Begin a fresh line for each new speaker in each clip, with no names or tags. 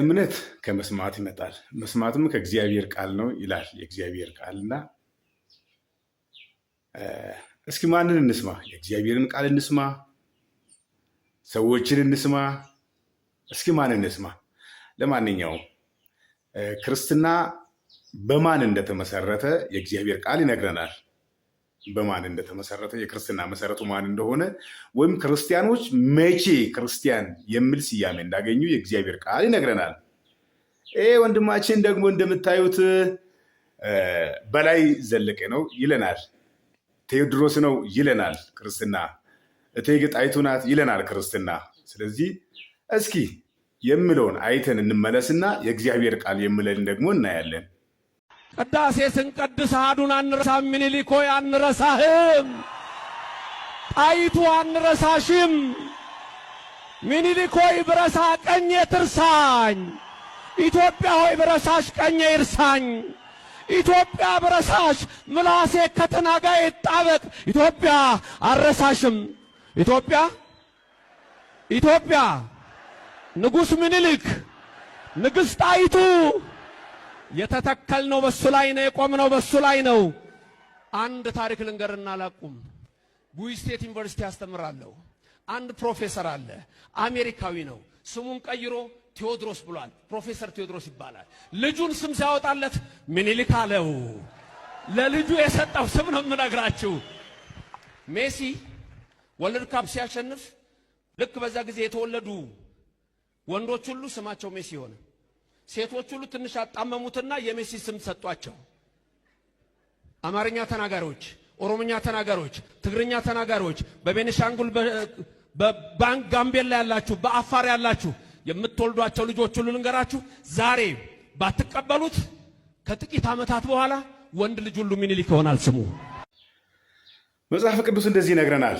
እምነት ከመስማት ይመጣል፣ መስማትም ከእግዚአብሔር ቃል ነው ይላል የእግዚአብሔር ቃል እና እስኪ ማንን እንስማ? የእግዚአብሔርን ቃል እንስማ? ሰዎችን እንስማ? እስኪ ማን እንስማ? ለማንኛውም ክርስትና በማን እንደተመሰረተ የእግዚአብሔር ቃል ይነግረናል። በማን እንደተመሰረተ የክርስትና መሰረቱ ማን እንደሆነ ወይም ክርስቲያኖች መቼ ክርስቲያን የሚል ስያሜ እንዳገኙ የእግዚአብሔር ቃል ይነግረናል። ይህ ወንድማችን ደግሞ እንደምታዩት በላይ ዘለቀ ነው ይለናል። ቴዎድሮስ ነው ይለናል ክርስትና። እቴጌ ጣይቱ ናት ይለናል ክርስትና። ስለዚህ እስኪ የምለውን አይተን እንመለስና የእግዚአብሔር ቃል የምለልን ደግሞ እናያለን።
ቅዳሴ ስንቀድስ አዱን አንረሳም፣ ምኒልክ ሆይ አንረሳህም፣ ጣይቱ አንረሳሽም። ምኒልክ ሆይ ብረሳ ቀኜ ትርሳኝ፣ ኢትዮጵያ ሆይ ብረሳሽ ቀኜ ይርሳኝ። ኢትዮጵያ ብረሳሽ ምላሴ ከተናጋ ይጣበቅ። ኢትዮጵያ አረሳሽም ኢትዮጵያ ኢትዮጵያ ንጉሥ ምኒልክ ንግሥት ጣይቱ የተተከልነው በሱ ላይ ነው። የቆምነው በሱ ላይ ነው። አንድ ታሪክ ልንገርና አላቁም። ቡይ ስቴት ዩኒቨርሲቲ አስተምራለሁ። አንድ ፕሮፌሰር አለ፣ አሜሪካዊ ነው። ስሙን ቀይሮ ቴዎድሮስ ብሏል። ፕሮፌሰር ቴዎድሮስ ይባላል። ልጁን ስም ሲያወጣለት ምኒልክ አለው። ለልጁ የሰጠው ስም ነው የምነግራችሁ። ሜሲ ወርልድ ካፕ ሲያሸንፍ ልክ በዛ ጊዜ የተወለዱ ወንዶች ሁሉ ስማቸው ሜሲ ሆነ። ሴቶች ሁሉ ትንሽ አጣመሙትና የሜሲ ስም ሰጧቸው። አማርኛ ተናጋሪዎች፣ ኦሮሞኛ ተናጋሪዎች፣ ትግርኛ ተናጋሪዎች፣ በቤኒሻንጉል በባንክ ጋምቤላ ያላችሁ፣ በአፋር ያላችሁ የምትወልዷቸው ልጆች ሁሉ ልንገራችሁ፣ ዛሬ ባትቀበሉት ከጥቂት ዓመታት በኋላ ወንድ ልጅ ሁሉ ሚኒሊክ ይሆናል ስሙ።
መጽሐፍ ቅዱስ እንደዚህ ይነግረናል።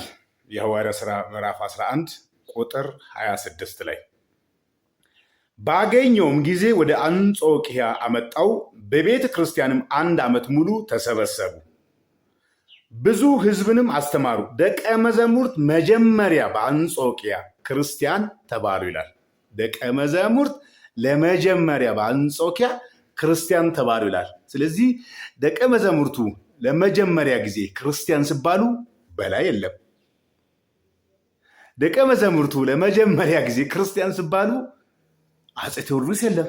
የሐዋርያ ሥራ ምዕራፍ 11 ቁጥር 26 ላይ ባገኘውም ጊዜ ወደ አንጾኪያ አመጣው። በቤተ ክርስቲያንም አንድ ዓመት ሙሉ ተሰበሰቡ። ብዙ ሕዝብንም አስተማሩ። ደቀ መዘሙርት መጀመሪያ በአንጾኪያ ክርስቲያን ተባሉ ይላል። ደቀ መዘሙርት ለመጀመሪያ በአንጾኪያ ክርስቲያን ተባሉ ይላል። ስለዚህ ደቀ መዘሙርቱ ለመጀመሪያ ጊዜ ክርስቲያን ሲባሉ በላይ የለም። ደቀ መዘሙርቱ ለመጀመሪያ ጊዜ ክርስቲያን ሲባሉ አፄ ቴዎድሮስ የለም።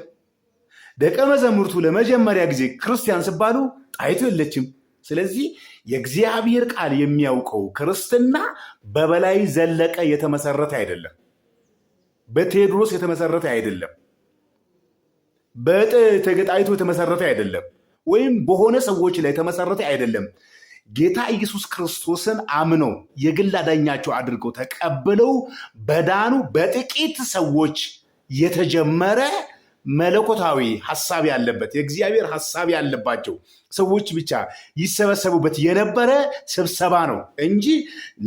ደቀ መዘሙርቱ ለመጀመሪያ ጊዜ ክርስቲያን ሲባሉ ጣይቱ የለችም። ስለዚህ የእግዚአብሔር ቃል የሚያውቀው ክርስትና በበላይ ዘለቀ የተመሰረተ አይደለም፣ በቴዎድሮስ የተመሰረተ አይደለም፣ በጣይቱ የተመሰረተ አይደለም፣ ወይም በሆነ ሰዎች ላይ የተመሰረተ አይደለም። ጌታ ኢየሱስ ክርስቶስን አምነው የግል አዳኛቸው አድርገው ተቀብለው በዳኑ በጥቂት ሰዎች የተጀመረ መለኮታዊ ሀሳብ ያለበት የእግዚአብሔር ሀሳብ ያለባቸው ሰዎች ብቻ ይሰበሰቡበት የነበረ ስብሰባ ነው እንጂ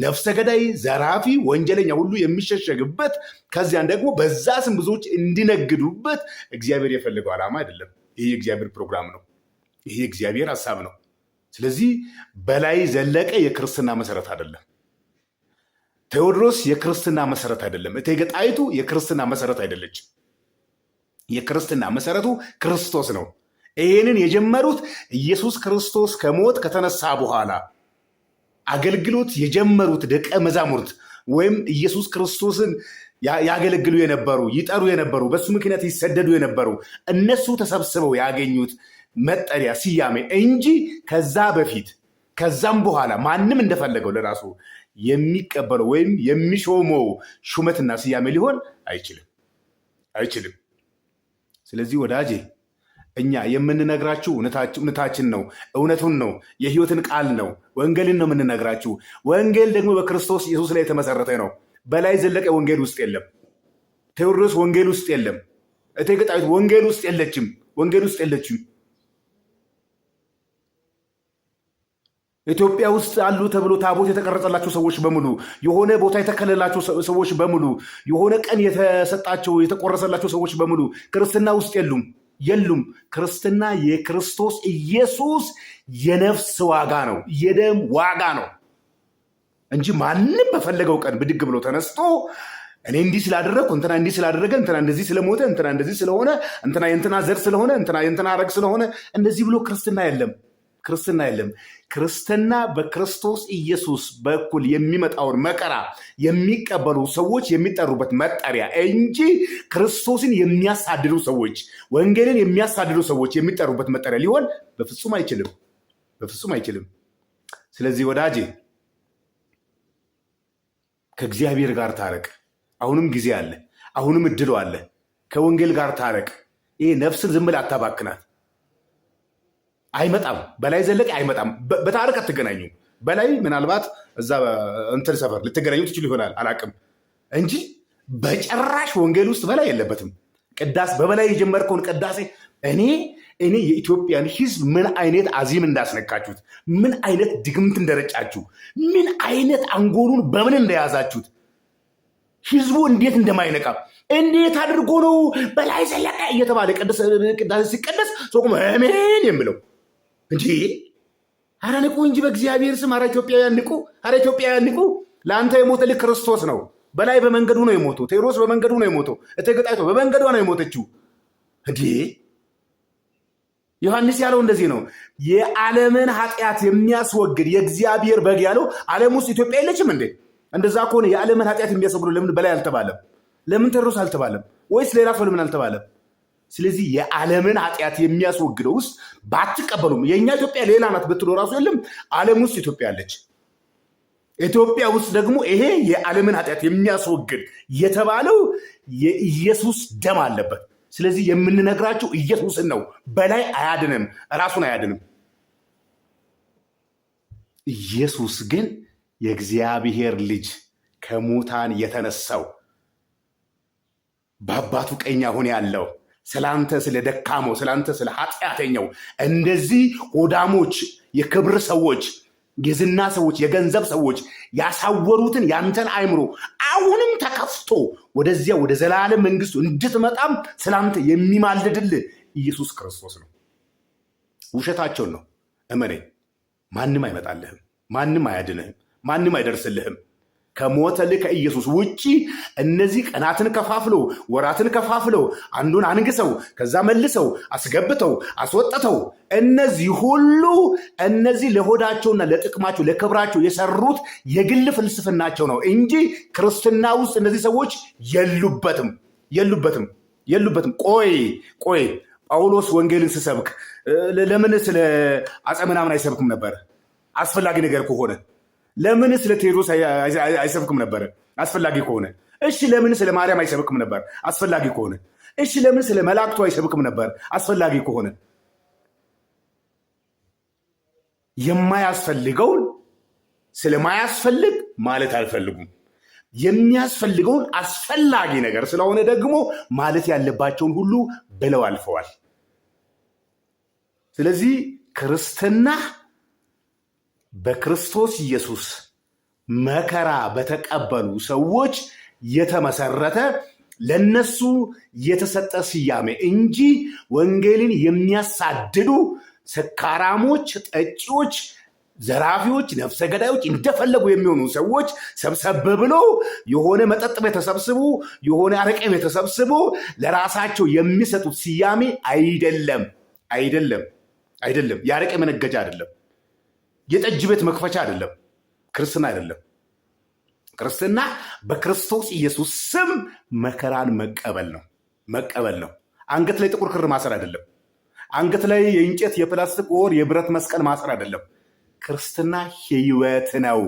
ነፍሰ ገዳይ፣ ዘራፊ፣ ወንጀለኛ ሁሉ የሚሸሸግበት ከዚያን ደግሞ በዛ ስም ብዙዎች እንዲነግዱበት እግዚአብሔር የፈለገው ዓላማ አይደለም። ይህ የእግዚአብሔር ፕሮግራም ነው። ይህ የእግዚአብሔር ሀሳብ ነው። ስለዚህ በላይ ዘለቀ የክርስትና መሰረት አይደለም። ቴዎድሮስ የክርስትና መሰረት አይደለም። እቴጌ ጣይቱ የክርስትና መሰረት አይደለች። የክርስትና መሰረቱ ክርስቶስ ነው። ይህንን የጀመሩት ኢየሱስ ክርስቶስ ከሞት ከተነሳ በኋላ አገልግሎት የጀመሩት ደቀ መዛሙርት ወይም ኢየሱስ ክርስቶስን ያገለግሉ የነበሩ ይጠሩ የነበሩ በሱ ምክንያት ይሰደዱ የነበሩ እነሱ ተሰብስበው ያገኙት መጠሪያ ስያሜ እንጂ ከዛ በፊት ከዛም በኋላ ማንም እንደፈለገው ለራሱ የሚቀበለው ወይም የሚሾመው ሹመትና ስያሜ ሊሆን አይችልም አይችልም። ስለዚህ ወዳጄ እኛ የምንነግራችሁ እውነታችን ነው፣ እውነቱን ነው፣ የህይወትን ቃል ነው፣ ወንጌልን ነው የምንነግራችሁ። ወንጌል ደግሞ በክርስቶስ ኢየሱስ ላይ የተመሰረተ ነው። በላይ ዘለቀ ወንጌል ውስጥ የለም። ቴዎድሮስ ወንጌል ውስጥ የለም። እቴጌ ጣይቱ ወንጌል ውስጥ የለችም። ወንጌል ውስጥ የለችም። ኢትዮጵያ ውስጥ አሉ ተብሎ ታቦት የተቀረጸላቸው ሰዎች በሙሉ የሆነ ቦታ የተከለላቸው ሰዎች በሙሉ የሆነ ቀን የተሰጣቸው የተቆረሰላቸው ሰዎች በሙሉ ክርስትና ውስጥ የሉም የሉም። ክርስትና የክርስቶስ ኢየሱስ የነፍስ ዋጋ ነው፣ የደም ዋጋ ነው እንጂ ማንም በፈለገው ቀን ብድግ ብሎ ተነስቶ እኔ እንዲህ ስላደረግኩ እንትና እንዲህ ስላደረገ እንትና እንደዚህ ስለሞተ እንትና እንደዚህ ስለሆነ እንትና የእንትና ዘር ስለሆነ እንትና የእንትና አረግ ስለሆነ እንደዚህ ብሎ ክርስትና የለም። ክርስትና የለም። ክርስትና በክርስቶስ ኢየሱስ በኩል የሚመጣውን መከራ የሚቀበሉ ሰዎች የሚጠሩበት መጠሪያ እንጂ ክርስቶስን የሚያሳድዱ ሰዎች፣ ወንጌልን የሚያሳድዱ ሰዎች የሚጠሩበት መጠሪያ ሊሆን በፍጹም አይችልም፣ በፍጹም አይችልም። ስለዚህ ወዳጄ ከእግዚአብሔር ጋር ታረቅ። አሁንም ጊዜ አለ፣ አሁንም እድሉ አለ። ከወንጌል ጋር ታረቅ። ይሄ ነፍስን ዝም ብለህ አታባክናት። አይመጣም። በላይ ዘለቀ አይመጣም። በታሪክ አትገናኙ። በላይ ምናልባት እዛ እንትን ሰፈር ልትገናኙ ትችሉ ይሆናል አላቅም እንጂ በጭራሽ ወንጌል ውስጥ በላይ የለበትም። ቅዳሴ በበላይ የጀመርከውን ቅዳሴ እኔ እኔ የኢትዮጵያን ሕዝብ ምን አይነት አዚም እንዳስነካችሁት፣ ምን አይነት ድግምት እንደረጫችሁ፣ ምን አይነት አንጎሉን በምን እንደያዛችሁት፣ ሕዝቡ እንዴት እንደማይነቃ እንዴት አድርጎ ነው በላይ ዘለቀ እየተባለ ቅዳሴ ሲቀደስ ሰቁም ሜን የምለው እንጂ አረ ንቁ እንጂ በእግዚአብሔር ስም አረ ኢትዮጵያውያን ንቁ፣ አረ ኢትዮጵያውያን ንቁ። ለአንተ የሞተ ክርስቶስ ነው። በላይ በመንገዱ ነው የሞተው። ቴዎድሮስ በመንገዱ ነው የሞተው። እቴጌ ጣይቱ በመንገዷ ነው የሞተችው። እንዴ ዮሐንስ ያለው እንደዚህ ነው። የዓለምን ኃጢአት የሚያስወግድ የእግዚአብሔር በግ ያለው ዓለም ውስጥ ኢትዮጵያ የለችም እንዴ? እንደዛ ከሆነ የዓለምን ኃጢአት የሚያስወግድ ለምን በላይ አልተባለም? ለምን ቴዎድሮስ አልተባለም? ወይስ ሌላ ሰው ለምን አልተባለም? ስለዚህ የዓለምን ኃጢአት የሚያስወግደው ውስጥ ባትቀበሉም የእኛ ኢትዮጵያ ሌላ ናት ብትሎ ራሱ የለም። ዓለም ውስጥ ኢትዮጵያ አለች። ኢትዮጵያ ውስጥ ደግሞ ይሄ የዓለምን ኃጢአት የሚያስወግድ የተባለው የኢየሱስ ደም አለበት። ስለዚህ የምንነግራቸው ኢየሱስን ነው። በላይ አያድንም፣ ራሱን አያድንም። ኢየሱስ ግን የእግዚአብሔር ልጅ ከሙታን የተነሳው በአባቱ ቀኝ አሁን ያለው ስላንተ ስለ ደካመው ስላንተ ስለ ኃጢአተኛው እንደዚህ ሆዳሞች የክብር ሰዎች የዝና ሰዎች የገንዘብ ሰዎች ያሳወሩትን ያንተን አይምሮ አሁንም ተከፍቶ ወደዚያ ወደ ዘላለም መንግስቱ እንድትመጣም ስላንተ የሚማልድል ኢየሱስ ክርስቶስ ነው ውሸታቸውን ነው እመኔ ማንም አይመጣልህም ማንም አያድንህም ማንም አይደርስልህም ከሞተ ልከ ኢየሱስ ውጪ እነዚህ ቀናትን ከፋፍለው ወራትን ከፋፍለው አንዱን አንግሰው ከዛ መልሰው አስገብተው አስወጥተው እነዚህ ሁሉ እነዚህ ለሆዳቸውና ለጥቅማቸው ለክብራቸው የሰሩት የግል ፍልስፍናቸው ነው እንጂ ክርስትና ውስጥ እነዚህ ሰዎች የሉበትም የሉበትም የሉበትም። ቆይ ቆይ ጳውሎስ ወንጌልን ስሰብክ ለምን ስለ አጸ ምናምን አይሰብክም ነበር? አስፈላጊ ነገር ከሆነ ለምን ስለ ቴድሮስ አይሰብክም ነበረ? አስፈላጊ ከሆነ እሺ፣ ለምን ስለ ማርያም አይሰብክም ነበር? አስፈላጊ ከሆነ እሺ፣ ለምን ስለ መላእክቱ አይሰብክም ነበር? አስፈላጊ ከሆነ የማያስፈልገውን ስለማያስፈልግ ማለት አልፈልጉም። የሚያስፈልገውን አስፈላጊ ነገር ስለሆነ ደግሞ ማለት ያለባቸውን ሁሉ ብለው አልፈዋል። ስለዚህ ክርስትና በክርስቶስ ኢየሱስ መከራ በተቀበሉ ሰዎች የተመሰረተ ለነሱ የተሰጠ ስያሜ እንጂ ወንጌልን የሚያሳድዱ ስካራሞች ጠጪዎች፣ ዘራፊዎች፣ ነፍሰ ገዳዮች እንደፈለጉ የሚሆኑ ሰዎች ሰብሰብ ብሎ የሆነ መጠጥ የተሰብስቡ የሆነ አረቄ የተሰብስቡ ለራሳቸው የሚሰጡት ስያሜ አይደለም፣ አይደለም፣ አይደለም። የአረቄ መነገጃ አይደለም። የጠጅ ቤት መክፈቻ አይደለም። ክርስትና አይደለም። ክርስትና በክርስቶስ ኢየሱስ ስም መከራን መቀበል ነው። መቀበል ነው። አንገት ላይ ጥቁር ክር ማሰር አይደለም። አንገት ላይ የእንጨት የፕላስቲክ ወር የብረት መስቀል ማሰር አይደለም። ክርስትና ህይወት ነው።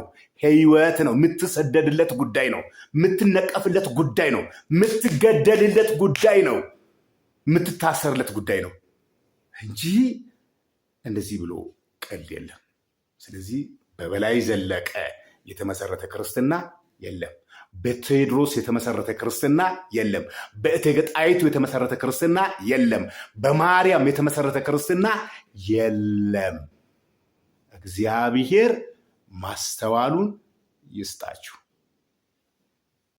ህይወት ነው። የምትሰደድለት ጉዳይ ነው። የምትነቀፍለት ጉዳይ ነው። የምትገደልለት ጉዳይ ነው። የምትታሰርለት ጉዳይ ነው እንጂ እንደዚህ ብሎ ቀልድ የለም። ስለዚህ በበላይ ዘለቀ የተመሰረተ ክርስትና የለም። በቴዎድሮስ የተመሰረተ ክርስትና የለም። በእቴጌ ጣይቱ የተመሰረተ ክርስትና የለም። በማርያም የተመሰረተ ክርስትና የለም። እግዚአብሔር ማስተዋሉን ይስጣችሁ።